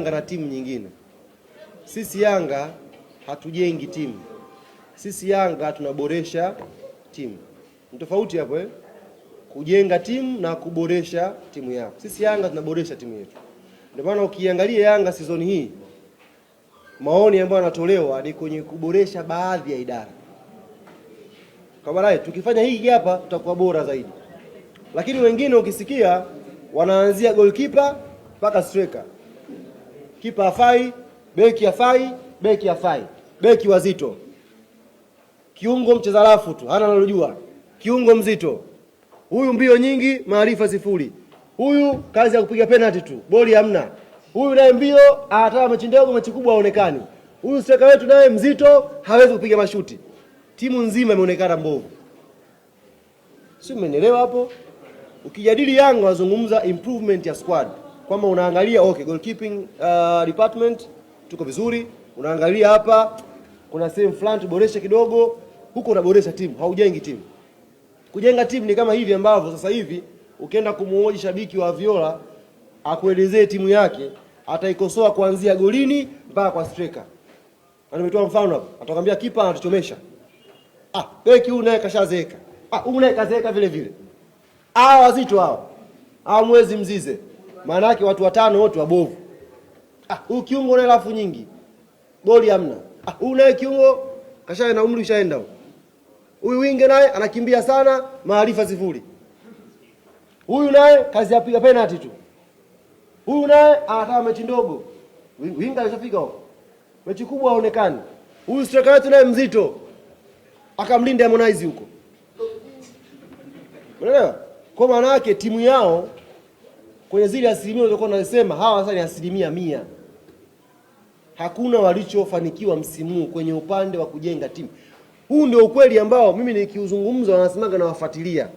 Yanga na timu nyingine. Sisi Yanga hatujengi timu, sisi Yanga tunaboresha timu. Ni tofauti hapo eh? Kujenga timu na kuboresha timu yako. Sisi Yanga tunaboresha timu yetu. Ndio maana ukiangalia Yanga season hii maoni ambayo yanatolewa ni kwenye kuboresha baadhi ya idara. Kwa tukifanya hiki hapa tutakuwa bora zaidi, lakini wengine ukisikia wanaanzia goalkeeper mpaka striker kipa afai, beki afai, beki afai, beki wazito, kiungo mcheza rafu tu, hana analojua, kiungo mzito, huyu mbio nyingi, maarifa sifuri, huyu kazi ya kupiga penalty tu, boli hamna, huyu naye mbio, anataka mechi ndogo, mechi kubwa haonekani, huyu striker wetu naye mzito, hawezi kupiga mashuti. Timu nzima imeonekana mbovu, si umenielewa hapo? Ukijadili Yanga wazungumza improvement ya squad kwamba unaangalia okay, goalkeeping uh, department tuko vizuri, unaangalia hapa kuna sehemu fulani tuboreshe kidogo, huko unaboresha timu, haujengi timu. Kujenga timu ni kama hivi ambavyo sasa hivi ukienda kumuoji shabiki wa Viola akuelezee timu yake, ataikosoa kuanzia golini mpaka kwa striker. Na nimetoa mfano hapo, atakwambia kipa anatuchomesha. Ah, beki huyu naye kashazeeka. Ah, huyu naye kazeeka vile vile. Ah, wazito hao. Hao mwezi mzize maana yake watu watano wote wabovu. Ah, huu kiungo na rafu nyingi, goli hamna. Ah, huu naye kiungo kashaye na umri ushaenda. Huyu winge naye anakimbia sana, maarifa sifuri. Huyu naye kazi ya penalty tu. Huyu naye anataka mechi ndogo. Winga alishafika huko. Mechi kubwa haonekani. Huyu striker wetu naye mzito. Akamlinda Harmonize huko. Unaelewa? Kwa maana yake timu yao kwenye zile asilimia ulizokuwa unasema hawa sasa ni asilimia mia. Hakuna walichofanikiwa msimu kwenye upande wa kujenga timu. Huu ndio ukweli ambao mimi nikiuzungumza wanasemaga na wafuatilia